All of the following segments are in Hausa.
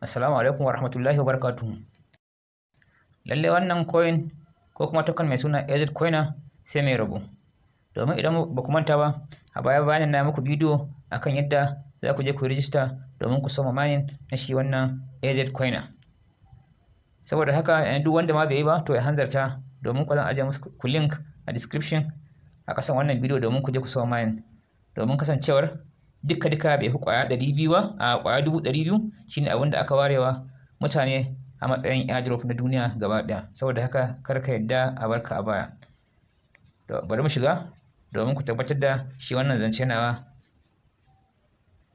Assalamu alaikum wa rahmatullahi wa barakatuhu. Lalle wannan coin ko kuma token mai suna AZ Coiner sai mai rabo. Domin idan ba ku manta ba, a baya bayan na muku bidiyo akan yadda za ku je ku rijista domin ku soma mining na shi wannan AZ Coiner. Saboda haka yanzu eh, duk wanda ma bai yi ba to ya hanzarta domin ku zan ajiye musu ku link a description a kasan wannan bidiyo domin ku je ku soma mining. Domin kasancewar duka duka bai fi kwaya ɗari biyu ba a kwaya dubu ɗari biyu shine abin da aka warewa mutane a matsayin airdrop na duniya gaba ɗaya saboda haka kar ka yadda a barka a baya bari mu shiga domin ku tabbatar da shi wannan zance nawa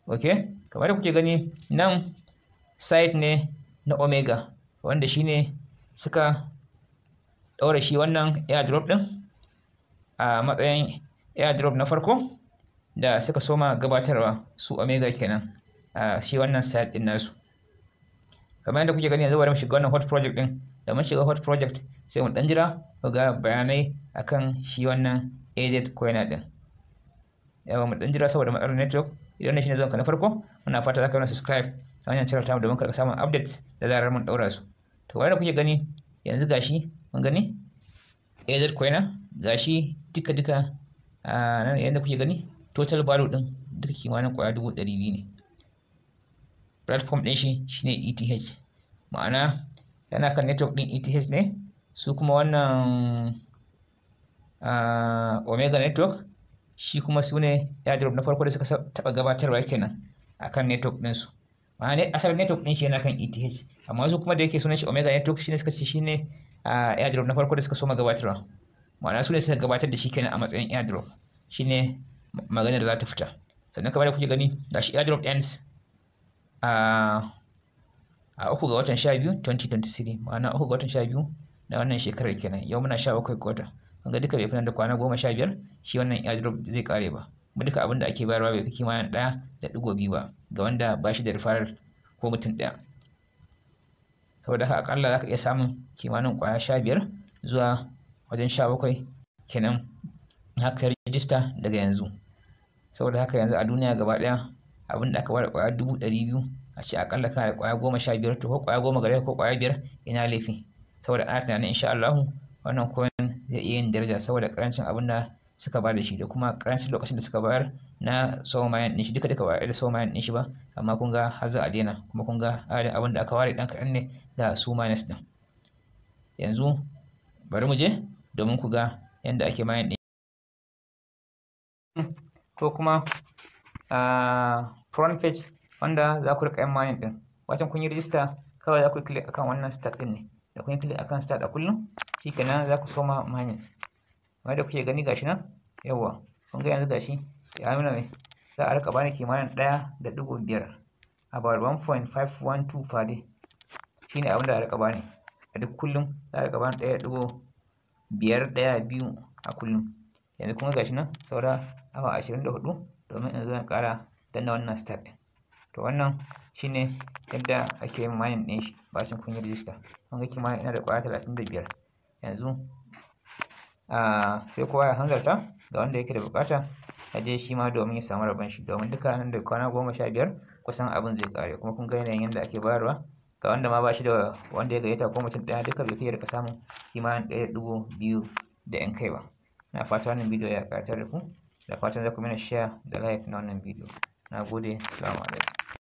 ok kamar da kuke gani nan site ne na omega wanda shine suka ɗaura shi wannan airdrop ɗin a matsayin airdrop na farko da suka soma gabatarwa su omega kenan a shi wannan site din nasu kamar yadda kuke gani yanzu bari mu shiga wannan hot project din da mun shiga hot project sai mu dan jira mu ga bayanai akan shi wannan AZ coin din yawa mu dan jira saboda matsalar network idan ne zuwan ka na farko muna fata za ka yi subscribe ta hanyar channel tamu domin ka samun updates da zarar mun daura su to kamar da kuke gani yanzu gashi mun gani AZ coin gashi duka duka a nan yadda kuke gani total value din duka kimanin kwaya dubu ɗari biyu ne platform ɗin shi shine ETH ma'ana yana kan network ɗin ETH ne su kuma wannan ah, Omega network shi kuma su ne airdrop na farko da suka taɓa gabatarwa kenan akan network su. ma'ana asalin network ɗin shi yana kan ETH amma su kuma da yake sunan shi Omega network shine suka ce shine ah, airdrop na farko da suka soma gabatarwa ma'ana su ne suka gabatar da shi kenan a matsayin airdrop shine maganar da za ta fita sannan kamar da kuke gani shi airdrop ends a a uku ga watan 12 2023 ma'ana uku ga watan 12 na wannan shekarar kenan yau muna 17 ga wata ga duka bai fi da kwana goma sha biyar shi wannan airdrop zai kare ba kuma duka abin da ake bayarwa bai fi kimanin ɗaya da ɗigo biyu ba ga wanda ba shi da rufarar ko mutum ɗaya saboda haka akalla za ka iya samun kimanin kwaya sha biyar zuwa wajen sha bakwai kenan haka rijista daga yanzu saboda haka yanzu a duniya gaba ɗaya abin da aka bada kwaya dubu ɗari biyu a ce akalla kana da kwaya goma sha biyar to ko kwaya goma gare ko kwaya biyar ina laifi saboda ana tunanin insha Allahu wannan koyon zai iya yin daraja saboda karancin abin da suka bada shi da kuma karancin lokacin da suka bayar na tsawon mayan ɗin shi duka duka bayar da tsawon mayan ɗin shi ba amma kun ga har za a daina kuma kun ga adadin abin da aka ware ɗan kaɗan ne da su minus ɗin yanzu bari mu je domin ku ga yadda ake mayan ɗin ko kuma front page wanda za ku riƙa yin mining ɗin wacan kun yi rijista kawai za ku yi click akan wannan start ɗin ne da kun yi click akan start a kullum shi shikenan za ku soma mining kamar kuke gani gashi nan yawwa kun ga yanzu gashi ya nuna mai za a riƙa bani kimanin ɗaya da ɗigo biyar about 1.512 per day ne abin da a riƙa bani a duk kullum za a riƙa bani ɗaya da ɗigo biyar ɗaya biyu a kullum yanzu kuma gashi nan saura awa ashirin da hudu domin yanzu zan kara ƙara danna wannan step ɗin to wannan shine yadda ake yin mining ɗin shi bacin kun yi rijista kun ga kimanin ina da ƙwaya talatin da biyar yanzu sai kowa ya hanzarta ga wanda yake da buƙata aje je shi ma domin ya samu rabon shi domin duka nan da kwana goma sha biyar kusan abin zai kare kuma kun ga yanayin yadda ake bayarwa ga wanda ma ba da wanda ya gayyata ko mutum ɗaya duka bai kai ya rika samun kimanin ɗaya da ɗigo biyu da 'yan kai ba na fata wannan bidiyo ya kayatar da ku da fatan za ku mana share da like na wannan bidiyo na gode salamu alaikum